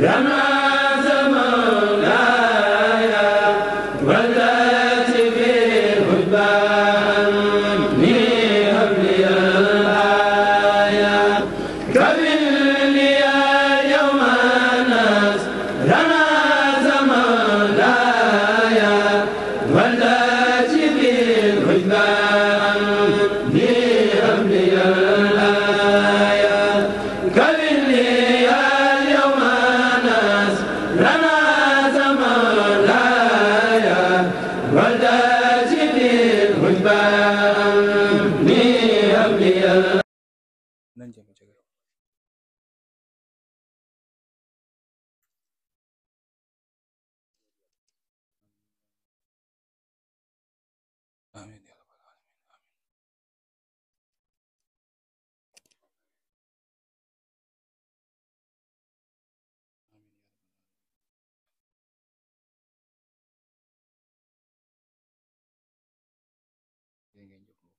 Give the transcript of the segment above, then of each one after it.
Raman ¡Vamos!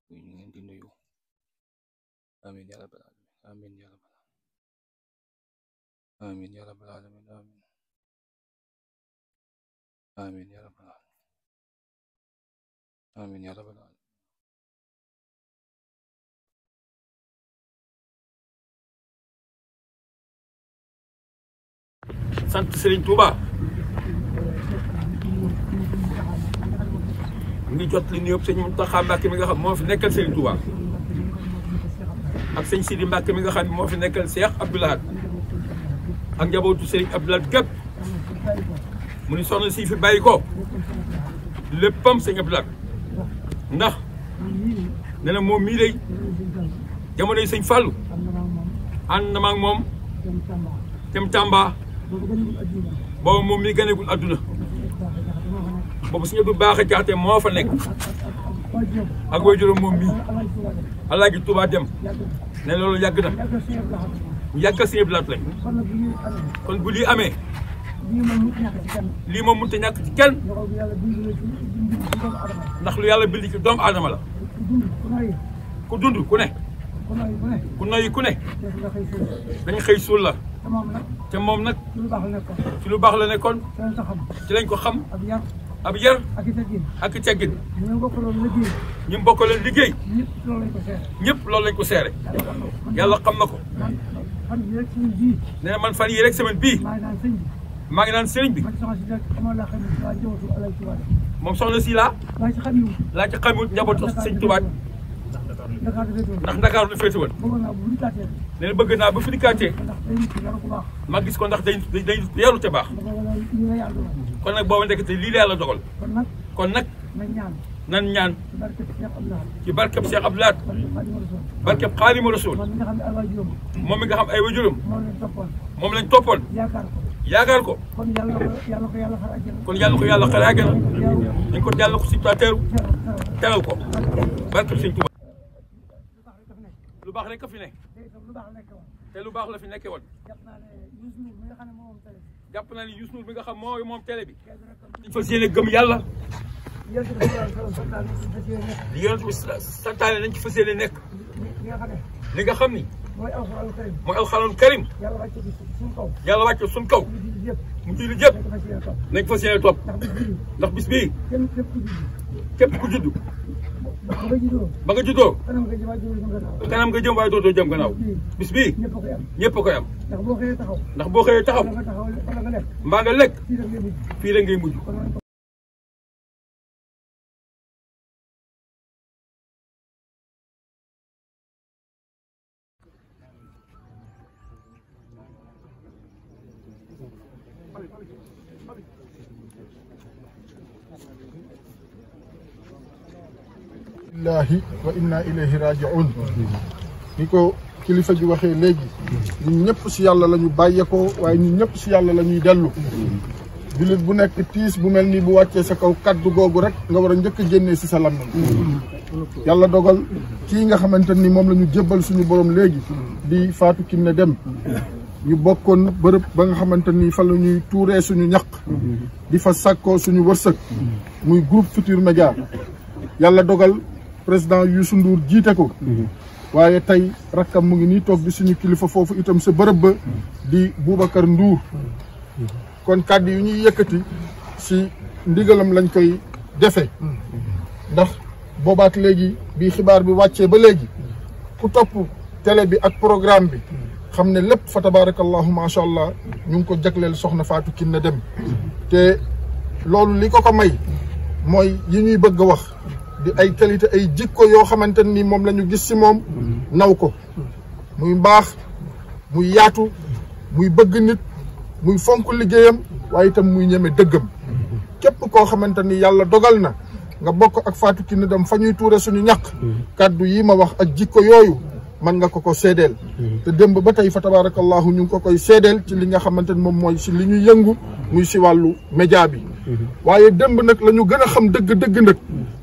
ñu ngi leen di nuyu, amiin ya rabbal aalamiin sant Serigne Touba ñu ngi jot li nuyoo sëñ Mountakha Mbacké mi nga xam moo fi nekkal seen Touba ak sëñ Sidi Mbacké mi nga xam ne moo fi nekkal seex Abdou Lahad ak njabootu Serigne Abdou Lahad gépp mu ni soxna si fi bàyyi ko léppam sëñ Abdou Lahad ndax nee moom mii day jamonoy sëñ Fallou ànd na ma moom dem Tamba boobu moom mii ganegul adduna boobu suñu du baax a jaxate moo fa nekk ak way juróom moom mii alaaji Touba dem ne loolu yàgg na yàgg suñu blaat lañ kon bu lii amee lii moom mënut a ñàkk ci kenn ndax lu yàlla bind ci doomu aadama la ku dund ku ne ku noyyi ku ne dañ xëy suul la te moom nag ci lu baax la nekkoon ci lañ ko xam ab yar ak teggin ak teggin ñu bokkaloon liggéey ñu bokkaloon liggéey ñëpp loolu lañ ko seere ñëpp loolu lañ ko seere yàlla xam na ko fan yii rek semaine bii nee na man fan yii rek semaine bii maa ngi naan sëriñ bi moom soxna si laa laa ci xamut njabootu sëñ tubaat ndax Ndakaaru la féete woon nee na bëgg naa ba fi dikkaatee ma gis ko ndax day day yaru te kon nag booba ndekete li la yàlla dogal kon nak nan ñaan ci barkeb Cheikh Abdou Lahad barkeb rasul mom mi nga xam ay wajurum mom lañ topol yaakar ko kon yàlla ko yàlla kon yalla yalla ko xare àjjana ñu ko yàlla ko si teeru teral ko barkeb Sëñ lu baax rek a fi ne. lu baax la te lu baax la fi nekkee woon. jàpp naa ne Youssou Ndour mi nga xam ne moom télé bi. jàpp naa ne Youssou Ndour mi nga xam moo moom télé bi. dañ fas yéene gëm yàlla. yéen tamit santaane nañ ci fas yéene nekk. li nga xam ni. mooy alxuraan karim. mooy alxuraan karim. yàlla wàcce suñ kaw. yàlla wàcce suñ kaw. mu julli yëpp. nañ ko fas yéene topp. nañ ko fas yéene topp. ndax bis bii. ndax bis bii. képp ku judd. képp ku judd. ba nga juddoo kanam nga jëm waaye dootoo jëm gannaaw bis bii ñëpp a koy am ndax boo xëyee taxaw mbaa nga lekk fii la ngay mujj lillahi wa inna ilayhi raji'un niko kilifa ji waxe legi ñun ñepp ci yalla lañu ñu bàyyeekoo waaye ñun ñepp ci yalla la dellu bu nek tiis bu melni bu wacce sa kaw kaddu gogu rek nga wara ñëk njëkk ci salam yalla dogal ki nga xamanteni mom lañu la suñu borom legi di fatu kim ne dem ñu bokkon bërëb ba nga xamanteni fa lañuy touré suñu ñaq di fa sakko suñu wërsëg muy groupe futur media yalla dogal président Youssou Ndour jité ko mhm. waye tay rakam mu ngi ni tok di suñu kilifa fofu itam sa bërëb ba di Boubacar Ndour kon kaddu yu ñuy yëkëti si ndigalam lañ koy défé ndax boobaak légui bi xibaar bi wàccee ba légui ku top télé bi ak programme bi xam lepp fa tabarakallah ma sha allah ñu ko jagleel soxna Fatou Kiné dem té loolu liko ko may moy yi ñuy bëgg wax di ay qualité ay jikko yoo xamante ni moom lañu gis si moom naw ko muy baax muy yaatu muy bëgg nit muy fonk liggéeyam waaye itam muy ñeme dëggam képp koo xamante ni yàlla dogal na nga bokk ak Fatou Kiné Deme fa ñuy tuure suñu ñàq kàddu yi ma wax ak jikko yooyu man nga ko ko seedeel te démb ba tey fa tabarakallahu ñu ngi ko koy seedeel ci li nga xamante ni moom mooy si li ñuy yëngu muy si wàllu média bi mm-hmm. waaye dëmb nag lañu gën a xam dëgg-dëgg nag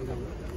இருந்தாங்க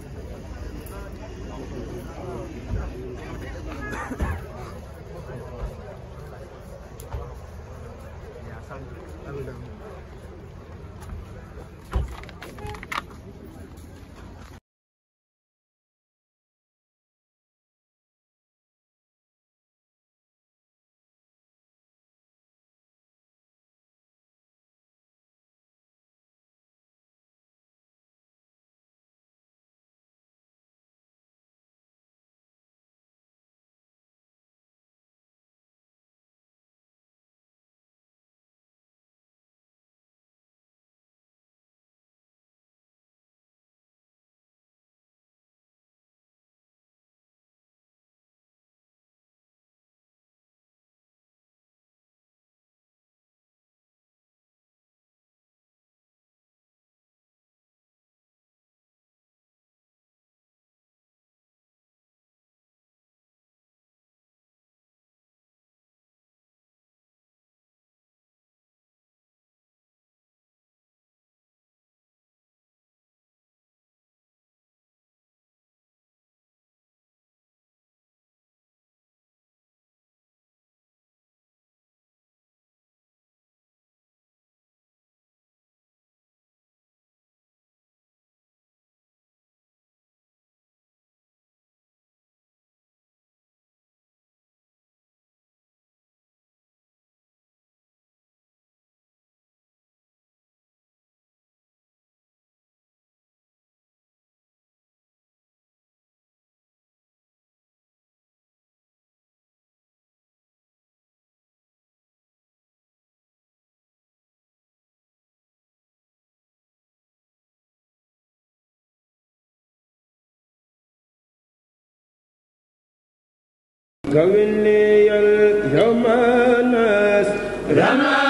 Raman